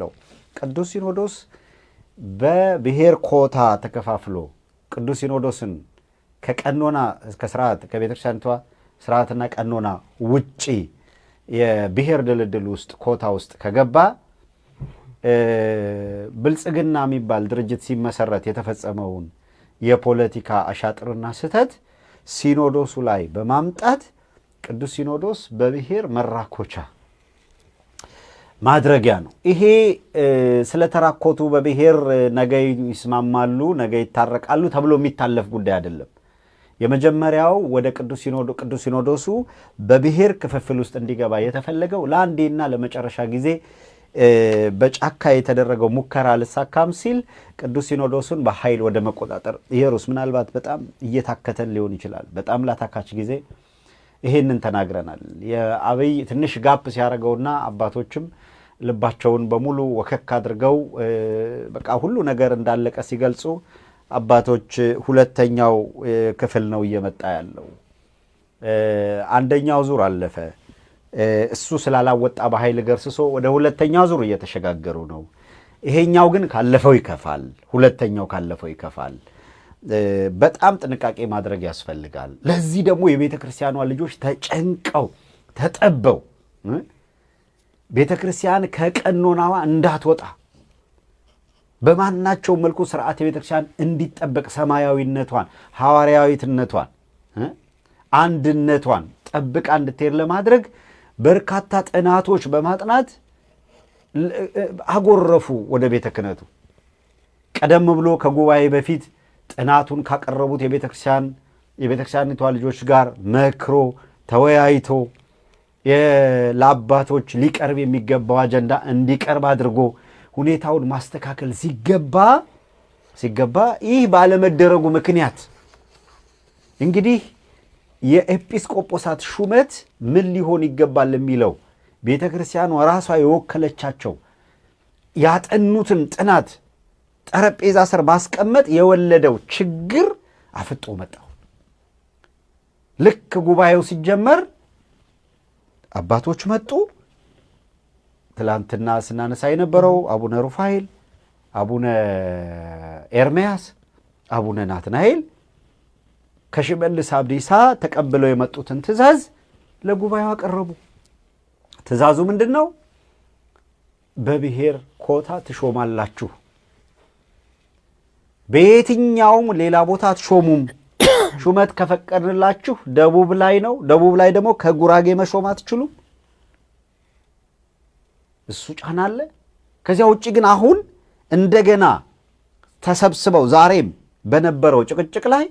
የሚከፍለው። ቅዱስ ሲኖዶስ በብሔር ኮታ ተከፋፍሎ ቅዱስ ሲኖዶስን ከቀኖና እስከ ስርዓት ከቤተክርስቲያኒቷ ስርዓትና ቀኖና ውጪ የብሔር ድልድል ውስጥ ኮታ ውስጥ ከገባ ብልጽግና የሚባል ድርጅት ሲመሰረት የተፈጸመውን የፖለቲካ አሻጥርና ስህተት ሲኖዶሱ ላይ በማምጣት ቅዱስ ሲኖዶስ በብሔር መራኮቻ ማድረጊያ ነው። ይሄ ስለተራኮቱ በብሔር ነገ ይስማማሉ፣ ነገ ይታረቃሉ ተብሎ የሚታለፍ ጉዳይ አይደለም። የመጀመሪያው ወደ ቅዱስ ሲኖዶሱ በብሔር ክፍፍል ውስጥ እንዲገባ የተፈለገው ለአንዴና ለመጨረሻ ጊዜ በጫካ የተደረገው ሙከራ አልሳካም ሲል ቅዱስ ሲኖዶሱን በኃይል ወደ መቆጣጠር ኢየሩስ ምናልባት በጣም እየታከተን ሊሆን ይችላል። በጣም ላታካች ጊዜ ይሄንን ተናግረናል። የአብይ ትንሽ ጋፕ ሲያደርገውና አባቶችም ልባቸውን በሙሉ ወከክ አድርገው በቃ ሁሉ ነገር እንዳለቀ ሲገልጹ አባቶች ሁለተኛው ክፍል ነው እየመጣ ያለው። አንደኛው ዙር አለፈ። እሱ ስላላወጣ በኃይል ገርስሶ ወደ ሁለተኛው ዙር እየተሸጋገሩ ነው። ይሄኛው ግን ካለፈው ይከፋል። ሁለተኛው ካለፈው ይከፋል። በጣም ጥንቃቄ ማድረግ ያስፈልጋል። ለዚህ ደግሞ የቤተ ክርስቲያኗ ልጆች ተጨንቀው ተጠበው ቤተ ክርስቲያን ከቀኖናዋ እንዳትወጣ በማናቸው መልኩ ስርዓት የቤተ ክርስቲያን እንዲጠበቅ ሰማያዊነቷን፣ ሐዋርያዊትነቷን፣ አንድነቷን ጠብቃ እንድትሄድ ለማድረግ በርካታ ጥናቶች በማጥናት አጎረፉ ወደ ቤተ ክህነቱ። ቀደም ብሎ ከጉባኤ በፊት ጥናቱን ካቀረቡት የቤተ ክርስቲያን የቤተ ክርስቲያኒቷ ልጆች ጋር መክሮ ተወያይቶ ለአባቶች ሊቀርብ የሚገባው አጀንዳ እንዲቀርብ አድርጎ ሁኔታውን ማስተካከል ሲገባ ሲገባ ይህ ባለመደረጉ ምክንያት እንግዲህ የኤጲስቆጶሳት ሹመት ምን ሊሆን ይገባል የሚለው ቤተ ክርስቲያኗ ራሷ የወከለቻቸው ያጠኑትን ጥናት ጠረጴዛ ስር ማስቀመጥ የወለደው ችግር አፍጦ መጣው። ልክ ጉባኤው ሲጀመር አባቶች መጡ። ትላንትና ስናነሳ የነበረው አቡነ ሩፋኤል፣ አቡነ ኤርሜያስ፣ አቡነ ናትናኤል ከሽመልስ አብዲሳ ተቀብለው የመጡትን ትእዛዝ ለጉባኤው አቀረቡ። ትእዛዙ ምንድን ነው? በብሔር ኮታ ትሾማላችሁ፣ በየትኛውም ሌላ ቦታ አትሾሙም ሹመት ከፈቀድንላችሁ ደቡብ ላይ ነው። ደቡብ ላይ ደግሞ ከጉራጌ መሾም አትችሉም። እሱ ጫና አለ። ከዚያ ውጭ ግን አሁን እንደገና ተሰብስበው ዛሬም በነበረው ጭቅጭቅ ላይ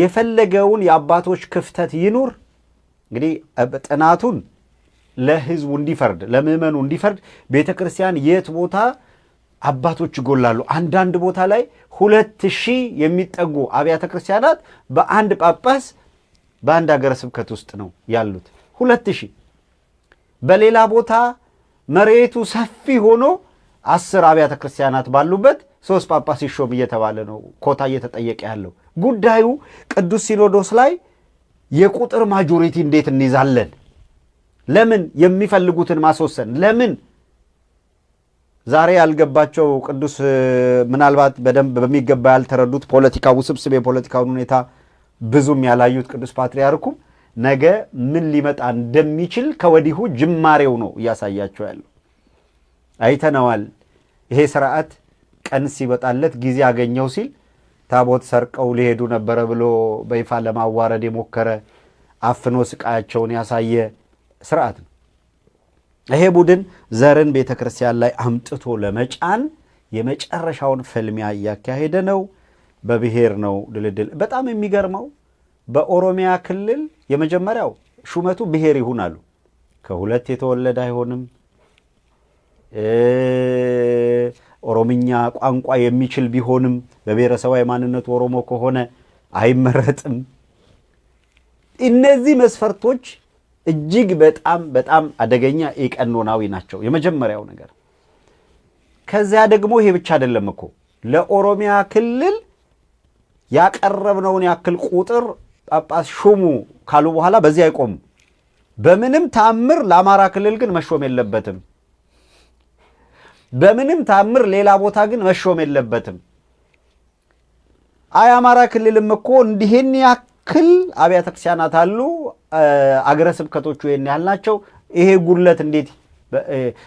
የፈለገውን የአባቶች ክፍተት ይኑር እንግዲህ ጥናቱን ለህዝቡ እንዲፈርድ ለምእመኑ እንዲፈርድ ቤተ ክርስቲያን የት ቦታ አባቶች ይጎላሉ። አንዳንድ ቦታ ላይ ሁለት ሺህ የሚጠጉ አብያተ ክርስቲያናት በአንድ ጳጳስ በአንድ ሀገረ ስብከት ውስጥ ነው ያሉት። ሁለት ሺህ በሌላ ቦታ መሬቱ ሰፊ ሆኖ አስር አብያተ ክርስቲያናት ባሉበት ሶስት ጳጳስ ይሾም እየተባለ ነው ኮታ እየተጠየቀ ያለው። ጉዳዩ ቅዱስ ሲኖዶስ ላይ የቁጥር ማጆሪቲ እንዴት እንይዛለን? ለምን የሚፈልጉትን ማስወሰን ለምን ዛሬ ያልገባቸው ቅዱስ ምናልባት በደንብ በሚገባ ያልተረዱት ፖለቲካ ውስብስብ የፖለቲካውን ሁኔታ ብዙም ያላዩት ቅዱስ ፓትርያርኩ ነገ ምን ሊመጣ እንደሚችል ከወዲሁ ጅማሬው ነው እያሳያቸው ያለው። አይተነዋል። ይሄ ስርዓት ቀን ሲበጣለት ጊዜ አገኘው ሲል ታቦት ሰርቀው ሊሄዱ ነበረ ብሎ በይፋ ለማዋረድ የሞከረ አፍኖ ስቃያቸውን ያሳየ ስርዓት ነው። ይሄ ቡድን ዘርን ቤተ ክርስቲያን ላይ አምጥቶ ለመጫን የመጨረሻውን ፍልሚያ እያካሄደ ነው። በብሔር ነው ድልድል። በጣም የሚገርመው በኦሮሚያ ክልል የመጀመሪያው ሹመቱ ብሔር ይሁን አሉ። ከሁለት የተወለደ አይሆንም። ኦሮምኛ ቋንቋ የሚችል ቢሆንም በብሔረሰባዊ ማንነቱ ኦሮሞ ከሆነ አይመረጥም። እነዚህ መስፈርቶች እጅግ በጣም በጣም አደገኛ የቀኖናዊ ናቸው። የመጀመሪያው ነገር። ከዚያ ደግሞ ይሄ ብቻ አይደለም እኮ ለኦሮሚያ ክልል ያቀረብነውን ያክል ቁጥር ጳጳስ ሹሙ ካሉ በኋላ በዚህ አይቆሙ። በምንም ታምር ለአማራ ክልል ግን መሾም የለበትም። በምንም ታምር ሌላ ቦታ ግን መሾም የለበትም። አይ አማራ ክልልም እኮ እንዲህን ያክል አብያተ ክርስቲያናት አሉ አገረ ስብከቶቹ ይህን ያህል ናቸው። ይሄ ጉለት እንዴት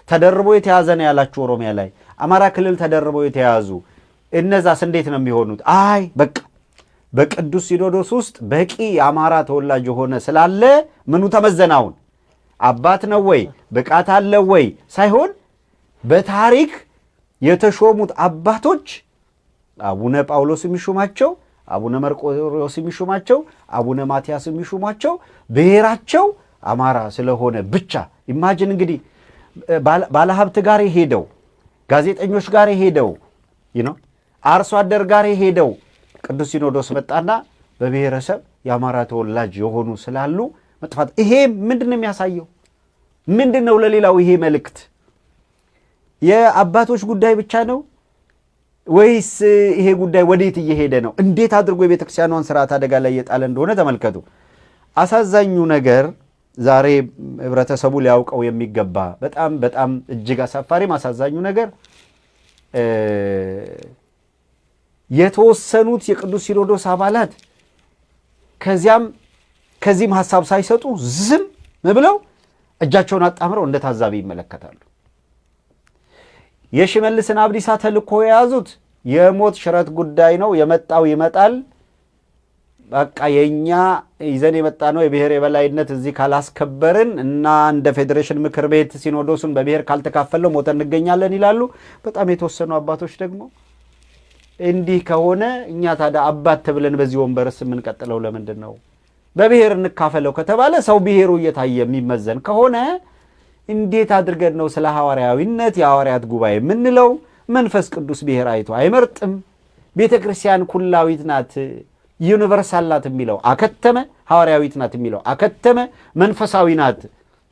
ተደርቦ የተያዘ ነው ያላችሁ፣ ኦሮሚያ ላይ አማራ ክልል ተደርቦ የተያዙ እነዛስ እንዴት ነው የሚሆኑት? አይ በቃ በቅዱስ ሲኖዶስ ውስጥ በቂ የአማራ ተወላጅ የሆነ ስላለ ምኑ ተመዘናውን አባት ነው ወይ ብቃት አለ ወይ ሳይሆን በታሪክ የተሾሙት አባቶች አቡነ ጳውሎስ የሚሾማቸው አቡነ መርቆሪዎስ የሚሾማቸው አቡነ ማትያስ የሚሹማቸው ብሔራቸው አማራ ስለሆነ ብቻ። ኢማጅን እንግዲህ ባለሀብት ጋር ሄደው፣ ጋዜጠኞች ጋር ሄደው፣ አርሶ አደር ጋር ሄደው ቅዱስ ሲኖዶስ መጣና በብሔረሰብ የአማራ ተወላጅ የሆኑ ስላሉ መጥፋት። ይሄ ምንድን ነው የሚያሳየው? ምንድን ነው ለሌላው ይሄ መልእክት? የአባቶች ጉዳይ ብቻ ነው? ወይስ ይሄ ጉዳይ ወዴት እየሄደ ነው? እንዴት አድርጎ የቤተክርስቲያኗን ስርዓት አደጋ ላይ እየጣለ እንደሆነ ተመልከቱ። አሳዛኙ ነገር ዛሬ ህብረተሰቡ ሊያውቀው የሚገባ በጣም በጣም እጅግ አሳፋሪም አሳዛኙ ነገር የተወሰኑት የቅዱስ ሲኖዶስ አባላት ከዚያም ከዚህም ሀሳብ ሳይሰጡ ዝም ብለው እጃቸውን አጣምረው እንደ ታዛቢ ይመለከታሉ። የሽመልስን አብዲሳ ተልኮ የያዙት የሞት ሽረት ጉዳይ ነው። የመጣው ይመጣል። በቃ የእኛ ይዘን የመጣ ነው። የብሔር የበላይነት እዚህ ካላስከበርን እና እንደ ፌዴሬሽን ምክር ቤት ሲኖዶሱን በብሔር ካልተካፈለው ሞተ እንገኛለን ይላሉ። በጣም የተወሰኑ አባቶች ደግሞ እንዲህ ከሆነ እኛ ታዲያ አባት ተብለን በዚህ ወንበርስ የምንቀጥለው ለምንድን ነው? በብሔር እንካፈለው ከተባለ ሰው ብሔሩ እየታየ የሚመዘን ከሆነ እንዴት አድርገን ነው ስለ ሐዋርያዊነት የሐዋርያት ጉባኤ የምንለው? መንፈስ ቅዱስ ብሔር አይቶ አይመርጥም። ቤተ ክርስቲያን ኩላዊት ናት ዩኒቨርሳል ናት የሚለው አከተመ። ሐዋርያዊት ናት የሚለው አከተመ። መንፈሳዊ ናት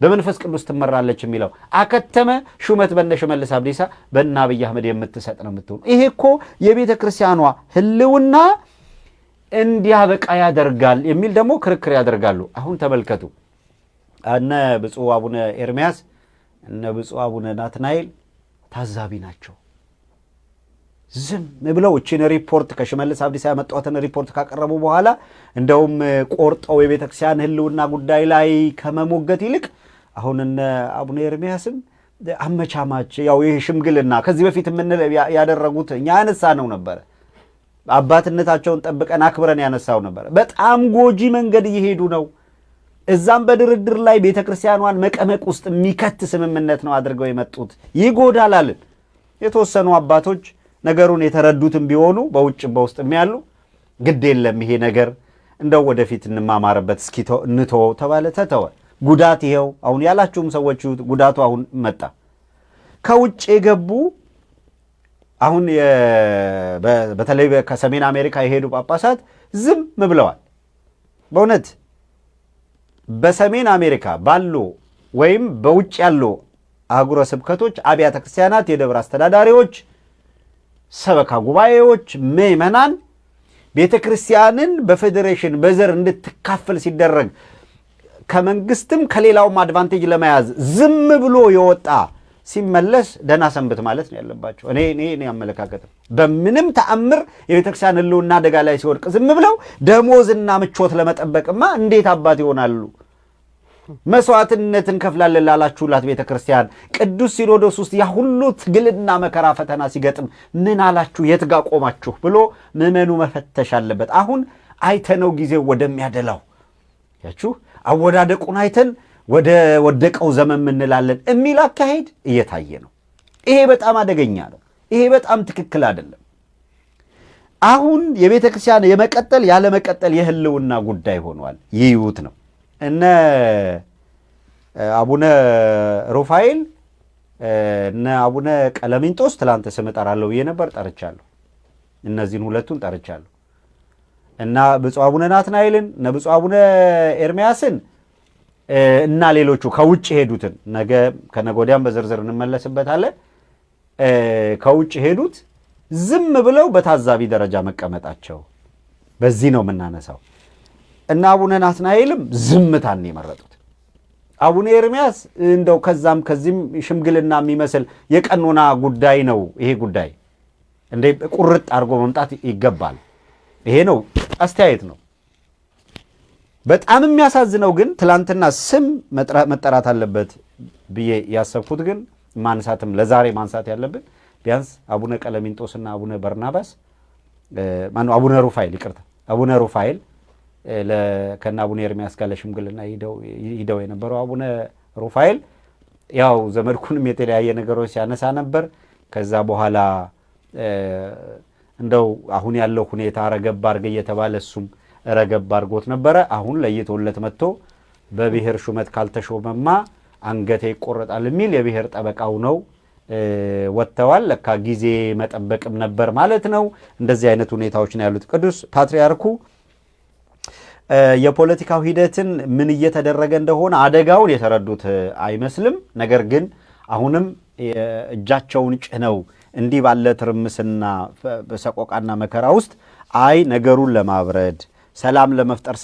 በመንፈስ ቅዱስ ትመራለች የሚለው አከተመ። ሹመት በነ ሽመልስ አብዲሳ በነ አብይ አህመድ የምትሰጥ ነው የምትሆኑ። ይሄ እኮ የቤተ ክርስቲያኗ ህልውና እንዲያበቃ ያደርጋል የሚል ደግሞ ክርክር ያደርጋሉ። አሁን ተመልከቱ። እነ ብፁዕ አቡነ ኤርሚያስ እነ ብፁዕ አቡነ ናትናኤል ታዛቢ ናቸው። ዝም ብለው እችን ሪፖርት ከሽመልስ አብዲሳ ያመጣኋትን ሪፖርት ካቀረቡ በኋላ እንደውም ቆርጠው የቤተክርስቲያን ሕልውና ጉዳይ ላይ ከመሞገት ይልቅ አሁን እነ አቡነ ኤርሚያስም አመቻማች ያው ይህ ሽምግልና ከዚህ በፊት ያደረጉት እኛ ያነሳ ነው ነበረ አባትነታቸውን ጠብቀን አክብረን ያነሳው ነበር። በጣም ጎጂ መንገድ እየሄዱ ነው። እዛም በድርድር ላይ ቤተ ክርስቲያኗን መቀመቅ ውስጥ የሚከት ስምምነት ነው አድርገው የመጡት ይጎዳል አልን። የተወሰኑ አባቶች ነገሩን የተረዱትም ቢሆኑ በውጭም በውስጥም ያሉ ግድ የለም ይሄ ነገር እንደው ወደፊት እንማማርበት እስኪ እንተወው ተባለ፣ ተተወ። ጉዳት ይኸው አሁን ያላችሁም ሰዎች ጉዳቱ አሁን መጣ። ከውጭ የገቡ አሁን በተለይ ከሰሜን አሜሪካ የሄዱ ጳጳሳት ዝም ብለዋል በእውነት በሰሜን አሜሪካ ባሉ ወይም በውጭ ያሉ አህጉረ ስብከቶች አብያተ ክርስቲያናት፣ የደብር አስተዳዳሪዎች፣ ሰበካ ጉባኤዎች፣ ምዕመናን ቤተ ክርስቲያንን በፌዴሬሽን በዘር እንድትካፈል ሲደረግ ከመንግስትም ከሌላውም አድቫንቴጅ ለመያዝ ዝም ብሎ የወጣ ሲመለስ ደህና ሰንብት ማለት ነው ያለባቸው። እኔ እኔ እኔ አመለካከት በምንም ተአምር የቤተክርስቲያን ህልውና አደጋ ላይ ሲወድቅ ዝም ብለው ደሞዝና ምቾት ለመጠበቅማ እንዴት አባት ይሆናሉ? መስዋዕትነት እንከፍላለን ላላችሁላት ቤተ ክርስቲያን ቅዱስ ሲኖዶስ ውስጥ ያ ሁሉ ትግልና መከራ ፈተና ሲገጥም ምን አላችሁ? የት ጋ ቆማችሁ? ብሎ ምዕመኑ መፈተሽ አለበት። አሁን አይተነው ጊዜው ወደሚያደላው ያችሁ አወዳደቁን አይተን ወደ ወደቀው ዘመን ምንላለን የሚል አካሄድ እየታየ ነው። ይሄ በጣም አደገኛ ነው። ይሄ በጣም ትክክል አይደለም። አሁን የቤተ ክርስቲያን የመቀጠል ያለመቀጠል የህልውና ጉዳይ ሆኗል። ይዩት ነው። እነ አቡነ ሩፋኤል እነ አቡነ ቀለሚንጦስ ትላንት ስም እጠራለሁ ብዬ ነበር፣ ጠርቻለሁ። እነዚህን ሁለቱን ጠርቻለሁ እና ብፁ አቡነ ናትናኤልን እነ አቡነ ኤርሚያስን እና ሌሎቹ ከውጭ ሄዱትን ነገ ከነጎዲያም በዝርዝር እንመለስበታለን። ከውጭ ሄዱት ዝም ብለው በታዛቢ ደረጃ መቀመጣቸው በዚህ ነው የምናነሳው። እና አቡነ ናትናኤልም ዝምታን የመረጡት አቡነ ኤርምያስ እንደው ከዛም ከዚህም ሽምግልና የሚመስል የቀኖና ጉዳይ ነው ይሄ ጉዳይ እንደ ቁርጥ አድርጎ መምጣት ይገባል። ይሄ ነው አስተያየት ነው። በጣም የሚያሳዝነው ግን ትላንትና ስም መጠራት አለበት ብዬ ያሰብኩት ግን ማንሳትም ለዛሬ ማንሳት ያለብን ቢያንስ አቡነ ቀለሚንጦስና አቡነ በርናባስ ማነው አቡነ ሩፋኤል ይቅርታ፣ አቡነ ሩፋኤል ከነ አቡነ ኤርሚያስ ጋር ለሽምግልና ሂደው የነበረው አቡነ ሩፋኤል ያው ዘመድኩንም የተለያየ ነገሮች ሲያነሳ ነበር። ከዛ በኋላ እንደው አሁን ያለው ሁኔታ ረገብ አድርገ እየተባለ እሱም ረገብ አድርጎት ነበረ። አሁን ለይቶለት መጥቶ በብሔር ሹመት ካልተሾመማ አንገቴ ይቆረጣል የሚል የብሔር ጠበቃው ነው ወጥተዋል። ለካ ጊዜ መጠበቅም ነበር ማለት ነው። እንደዚህ አይነት ሁኔታዎች ነው ያሉት። ቅዱስ ፓትርያርኩ የፖለቲካው ሂደትን ምን እየተደረገ እንደሆነ አደጋውን የተረዱት አይመስልም። ነገር ግን አሁንም እጃቸውን ጭነው እንዲህ ባለ ትርምስና ሰቆቃና መከራ ውስጥ አይ ነገሩን ለማብረድ ሰላም ለመፍጠር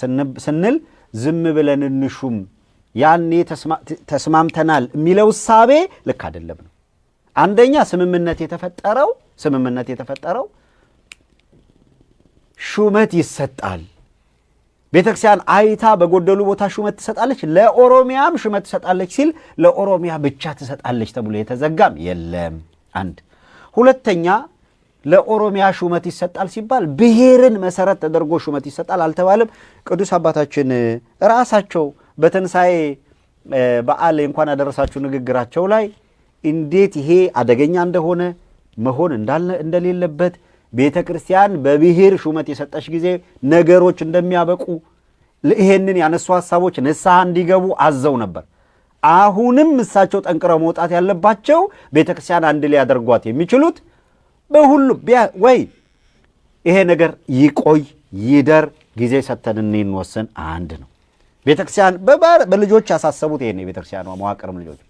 ስንል ዝም ብለን እንሹም ያኔ ተስማምተናል የሚለው እሳቤ ልክ አይደለም ነው። አንደኛ ስምምነት የተፈጠረው ስምምነት የተፈጠረው ሹመት ይሰጣል። ቤተክርስቲያን አይታ በጎደሉ ቦታ ሹመት ትሰጣለች፣ ለኦሮሚያም ሹመት ትሰጣለች ሲል ለኦሮሚያ ብቻ ትሰጣለች ተብሎ የተዘጋም የለም። አንድ ሁለተኛ ለኦሮሚያ ሹመት ይሰጣል ሲባል ብሔርን መሰረት ተደርጎ ሹመት ይሰጣል አልተባለም። ቅዱስ አባታችን ራሳቸው በትንሣኤ በዓል እንኳን ያደረሳችሁ ንግግራቸው ላይ እንዴት ይሄ አደገኛ እንደሆነ መሆን እንደሌለበት ቤተ ክርስቲያን በብሔር ሹመት የሰጠች ጊዜ ነገሮች እንደሚያበቁ ይሄንን ያነሱ ሀሳቦች ንስሐ እንዲገቡ አዘው ነበር። አሁንም እሳቸው ጠንቅረው መውጣት ያለባቸው ቤተ ክርስቲያን አንድ ሊያደርጓት የሚችሉት በሁሉም ወይ ይሄ ነገር ይቆይ ይደር፣ ጊዜ ሰተን እንወስን አንድ ነው። ቤተክርስቲያን በልጆች ያሳሰቡት ይሄ ነው። መዋቅርም ልጆች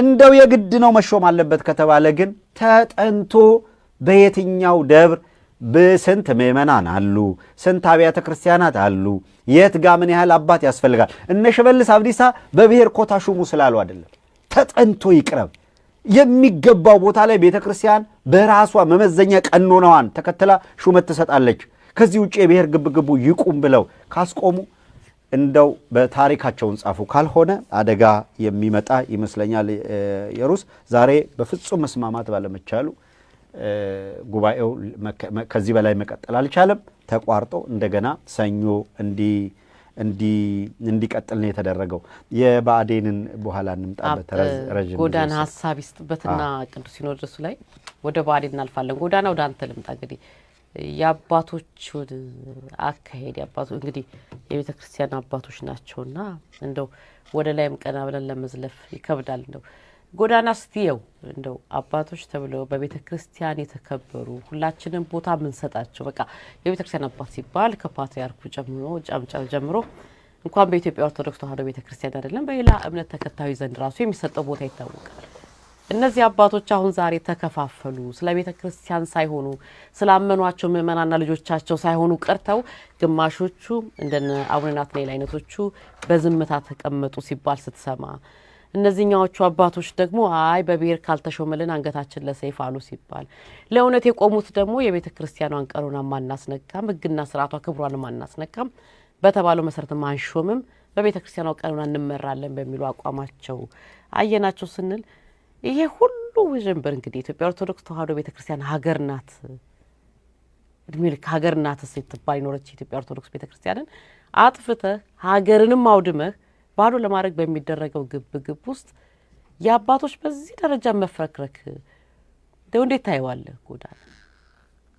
እንደው የግድ ነው መሾም አለበት ከተባለ ግን ተጠንቶ በየትኛው ደብር ስንት ምዕመናን አሉ፣ ስንት አብያተ ክርስቲያናት አሉ፣ የት ጋ ምን ያህል አባት ያስፈልጋል። እነ ሽመልስ አብዲሳ በብሔር ኮታ ሹሙ ስላሉ አይደለም፣ ተጠንቶ ይቅረብ። የሚገባው ቦታ ላይ ቤተ ክርስቲያን በራሷ መመዘኛ ቀኖናዋን ተከትላ ሹመት ትሰጣለች። ከዚህ ውጭ የብሔር ግብግቡ ይቁም ብለው ካስቆሙ እንደው በታሪካቸውን ጻፉ። ካልሆነ አደጋ የሚመጣ ይመስለኛል። የሩስ ዛሬ በፍጹም መስማማት ባለመቻሉ ጉባኤው ከዚህ በላይ መቀጠል አልቻለም። ተቋርጦ እንደገና ሰኞ እንዲቀጥል ነው የተደረገው። የብአዴንን በኋላ እንምጣበት። ረዥም ጎዳና ሀሳብ ይስጥበትና ቅዱስ ሲኖዶሱ ላይ ወደ ባሌ እናልፋለን። ጎዳና ወደ አንተ ልምጣ። እንግዲህ የአባቶቹን አካሄድ ያባቶ እንግዲህ የቤተ ክርስቲያን አባቶች ናቸውና እንደው ወደ ላይም ቀና ብለን ለመዝለፍ ይከብዳል። እንደው ጎዳና ስትየው እንደው አባቶች ተብለው በቤተ ክርስቲያን የተከበሩ ሁላችንም ቦታ ምንሰጣቸው በቃ የቤተ ክርስቲያን አባት ሲባል ከፓትሪያርኩ ጨምሮ ጨምጨም ጀምሮ እንኳን በኢትዮጵያ ኦርቶዶክስ ተዋሕዶ ቤተ ክርስቲያን አይደለም በሌላ እምነት ተከታዩ ዘንድ ራሱ የሚሰጠው ቦታ ይታወቃል። እነዚህ አባቶች አሁን ዛሬ ተከፋፈሉ። ስለ ቤተ ክርስቲያን ሳይሆኑ ስላመኗቸው ምእመናና ልጆቻቸው ሳይሆኑ ቀርተው ግማሾቹ እንደነ አቡነ ናትናኤል አይነቶቹ በዝምታ ተቀመጡ ሲባል ስትሰማ፣ እነዚህኛዎቹ አባቶች ደግሞ አይ በብሔር ካልተሾመልን አንገታችን ለሰይፍ አሉ ሲባል፣ ለእውነት የቆሙት ደግሞ የቤተ ክርስቲያኗን ቀኖናም ማናስነካም፣ ሕግና ስርዓቷ ክብሯን ማናስነካም፣ በተባለው መሰረት ማንሾምም፣ በቤተ ክርስቲያኗ ቀኖና እንመራለን በሚሉ አቋማቸው አየናቸው ስንል ይሄ ሁሉ ውዥንብር እንግዲህ ኢትዮጵያ ኦርቶዶክስ ተዋህዶ ቤተክርስቲያን ሀገር ናት፣ እድሜ ልክ ሀገር ናት ስትባል ይኖረች የኢትዮጵያ ኦርቶዶክስ ቤተክርስቲያንን አጥፍተህ ሀገርንም አውድመህ ባዶ ለማድረግ በሚደረገው ግብ ግብ ውስጥ የአባቶች በዚህ ደረጃ መፍረክረክ ደው እንዴት ታየዋለህ? ጎዳ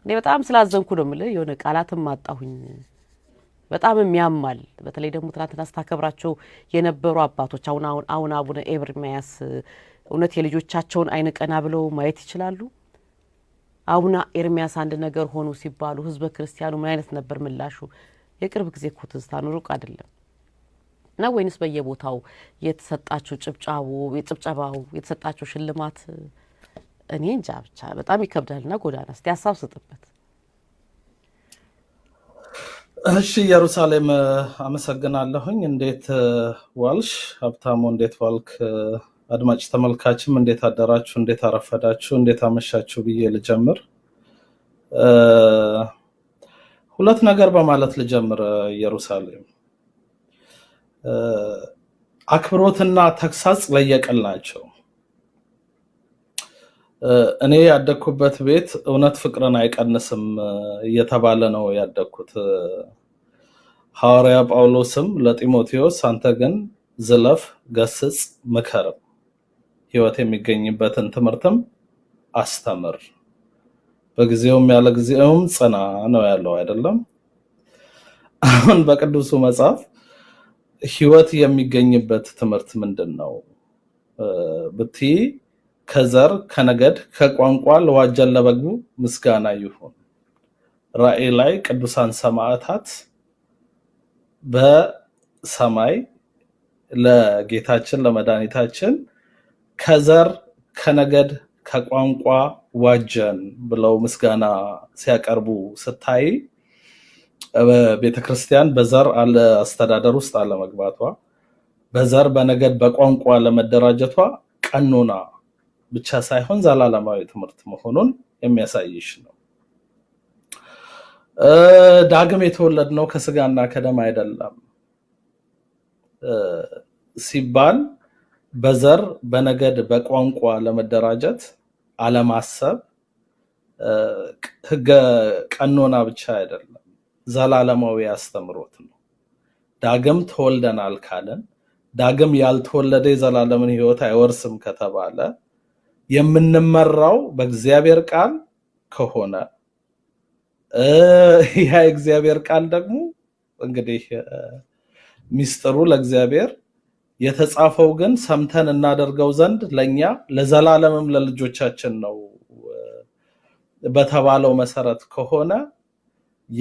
እኔ በጣም ስላዘንኩ ነው የምልህ። የሆነ ቃላትም አጣሁኝ። በጣምም ያማል። በተለይ ደግሞ ትናንትና ስታከብራቸው የነበሩ አባቶች አሁን አሁን አቡነ ኤብርሚያስ እውነት የልጆቻቸውን አይን ቀና ብለው ማየት ይችላሉ? አቡነ ኤርሚያስ አንድ ነገር ሆኑ ሲባሉ ህዝበ ክርስቲያኑ ምን አይነት ነበር ምላሹ? የቅርብ ጊዜ እኮ ትዝታ ነው፣ ሩቅ አይደለም። እና ወይንስ በየቦታው የተሰጣቸው ጭብጫቡ የጭብጨባው የተሰጣቸው ሽልማት እኔ እንጃ ብቻ በጣም ና ጎዳና እስቲ ሀሳብ ስጥበት። እሺ ኢየሩሳሌም አመሰግናለሁኝ። እንዴት ዋልሽ ሀብታሙ? እንዴት ዋልክ? አድማጭ ተመልካችም እንዴት አደራችሁ፣ እንዴት አረፈዳችሁ፣ እንዴት አመሻችሁ ብዬ ልጀምር። ሁለት ነገር በማለት ልጀምር። ኢየሩሳሌም አክብሮትና ተግሳጽ ለየቅል ናቸው። እኔ ያደግኩበት ቤት እውነት ፍቅርን አይቀንስም እየተባለ ነው ያደግኩት። ሐዋርያ ጳውሎስም ለጢሞቴዎስ አንተ ግን ዝለፍ፣ ገስጽ፣ ምከርም ህይወት የሚገኝበትን ትምህርትም አስተምር፣ በጊዜውም ያለ ጊዜውም ጽና ነው ያለው አይደለም። አሁን በቅዱሱ መጽሐፍ ህይወት የሚገኝበት ትምህርት ምንድን ነው ብቲ ከዘር ከነገድ ከቋንቋ ለዋጀን ለበጉ ምስጋና ይሁን። ራእይ ላይ ቅዱሳን ሰማዕታት በሰማይ ለጌታችን ለመድኃኒታችን ከዘር ከነገድ ከቋንቋ ዋጀን ብለው ምስጋና ሲያቀርቡ ስታይ ቤተክርስቲያን በዘር አስተዳደር ውስጥ አለመግባቷ፣ በዘር በነገድ በቋንቋ ለመደራጀቷ ቀኖና ብቻ ሳይሆን ዘላለማዊ ትምህርት መሆኑን የሚያሳይሽ ነው። ዳግም የተወለድነው ከስጋና ከደም አይደለም ሲባል በዘር በነገድ በቋንቋ ለመደራጀት አለማሰብ ህገ ቀኖና ብቻ አይደለም፣ ዘላለማዊ አስተምሮት ነው። ዳግም ተወልደናል ካለን ዳግም ያልተወለደ የዘላለምን ህይወት አይወርስም ከተባለ የምንመራው በእግዚአብሔር ቃል ከሆነ ያ የእግዚአብሔር ቃል ደግሞ እንግዲህ ሚስጥሩ ለእግዚአብሔር የተጻፈው ግን ሰምተን እናደርገው ዘንድ ለእኛ ለዘላለምም ለልጆቻችን ነው በተባለው መሰረት ከሆነ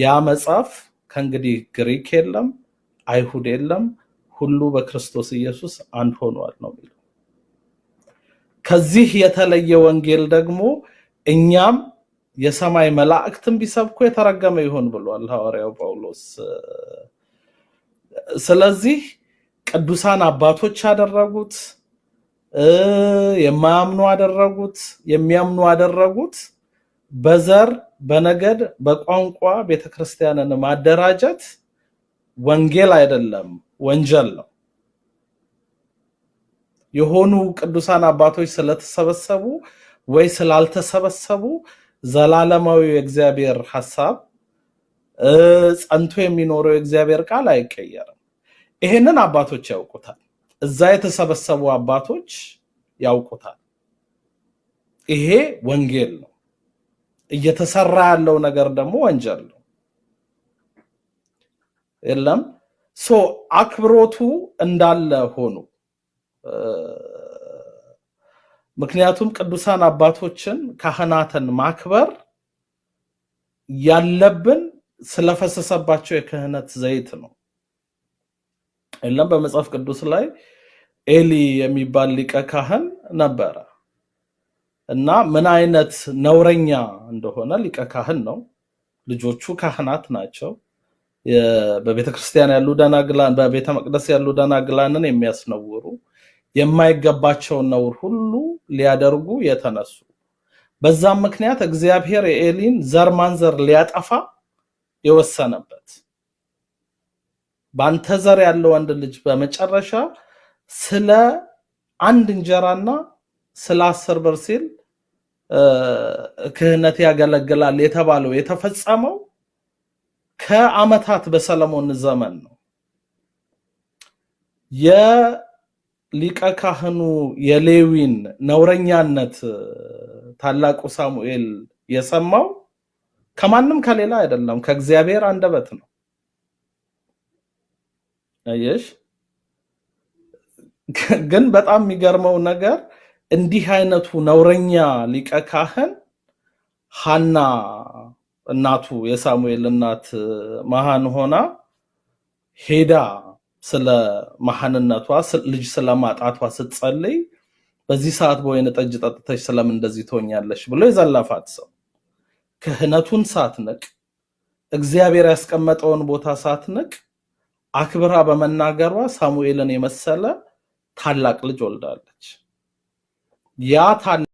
ያ መጽሐፍ ከእንግዲህ ግሪክ የለም፣ አይሁድ የለም፣ ሁሉ በክርስቶስ ኢየሱስ አንድ ሆኗል ነው የሚለው። ከዚህ የተለየ ወንጌል ደግሞ እኛም የሰማይ መላእክትን ቢሰብኩ የተረገመ ይሆን ብሏል ሐዋርያው ጳውሎስ። ስለዚህ ቅዱሳን አባቶች አደረጉት፣ የማያምኑ አደረጉት፣ የሚያምኑ አደረጉት። በዘር በነገድ በቋንቋ ቤተክርስቲያንን ማደራጀት ወንጌል አይደለም፣ ወንጀል ነው። የሆኑ ቅዱሳን አባቶች ስለተሰበሰቡ ወይ ስላልተሰበሰቡ ዘላለማዊ የእግዚአብሔር ሐሳብ ጸንቶ የሚኖረው የእግዚአብሔር ቃል አይቀየርም። ይሄንን አባቶች ያውቁታል። እዛ የተሰበሰቡ አባቶች ያውቁታል። ይሄ ወንጌል ነው። እየተሰራ ያለው ነገር ደግሞ ወንጀል ነው። የለም ሶ አክብሮቱ እንዳለ ሆኑ ምክንያቱም ቅዱሳን አባቶችን ካህናትን ማክበር ያለብን ስለፈሰሰባቸው የክህነት ዘይት ነው። እና በመጽሐፍ ቅዱስ ላይ ኤሊ የሚባል ሊቀ ካህን ነበረ እና ምን አይነት ነውረኛ እንደሆነ ሊቀ ካህን ነው። ልጆቹ ካህናት ናቸው። በቤተክርስቲያን ያሉ ደናግላን፣ በቤተ መቅደስ ያሉ ደናግላንን የሚያስነውሩ የማይገባቸውን ነውር ሁሉ ሊያደርጉ የተነሱ በዛም ምክንያት እግዚአብሔር የኤሊን ዘር ማንዘር ሊያጠፋ የወሰነበት በአንተ ዘር ያለው ወንድ ልጅ በመጨረሻ ስለ አንድ እንጀራና ስለ አስር ሲል ክህነት ያገለግላል የተባለው የተፈጸመው ከአመታት በሰለሞን ዘመን ነው። የሊቀ ካህኑ የሌዊን ነውረኛነት ታላቁ ሳሙኤል የሰማው ከማንም ከሌላ አይደለም፣ ከእግዚአብሔር አንደበት ነው። አየሽ። ግን በጣም የሚገርመው ነገር እንዲህ አይነቱ ነውረኛ ሊቀ ካህን ሃና እናቱ የሳሙኤል እናት መሃን ሆና ሄዳ ስለ መሃንነቷ ልጅ ስለማጣቷ ስትጸልይ በዚህ ሰዓት በወይን ጠጅ ጠጥተሽ ስለምን እንደዚህ ትሆኛለሽ ብሎ የዘለፋት ሰው ክህነቱን ሳትንቅ እግዚአብሔር ያስቀመጠውን ቦታ ሳትንቅ አክብራ በመናገሯ ሳሙኤልን የመሰለ ታላቅ ልጅ ወልዳለች። ያ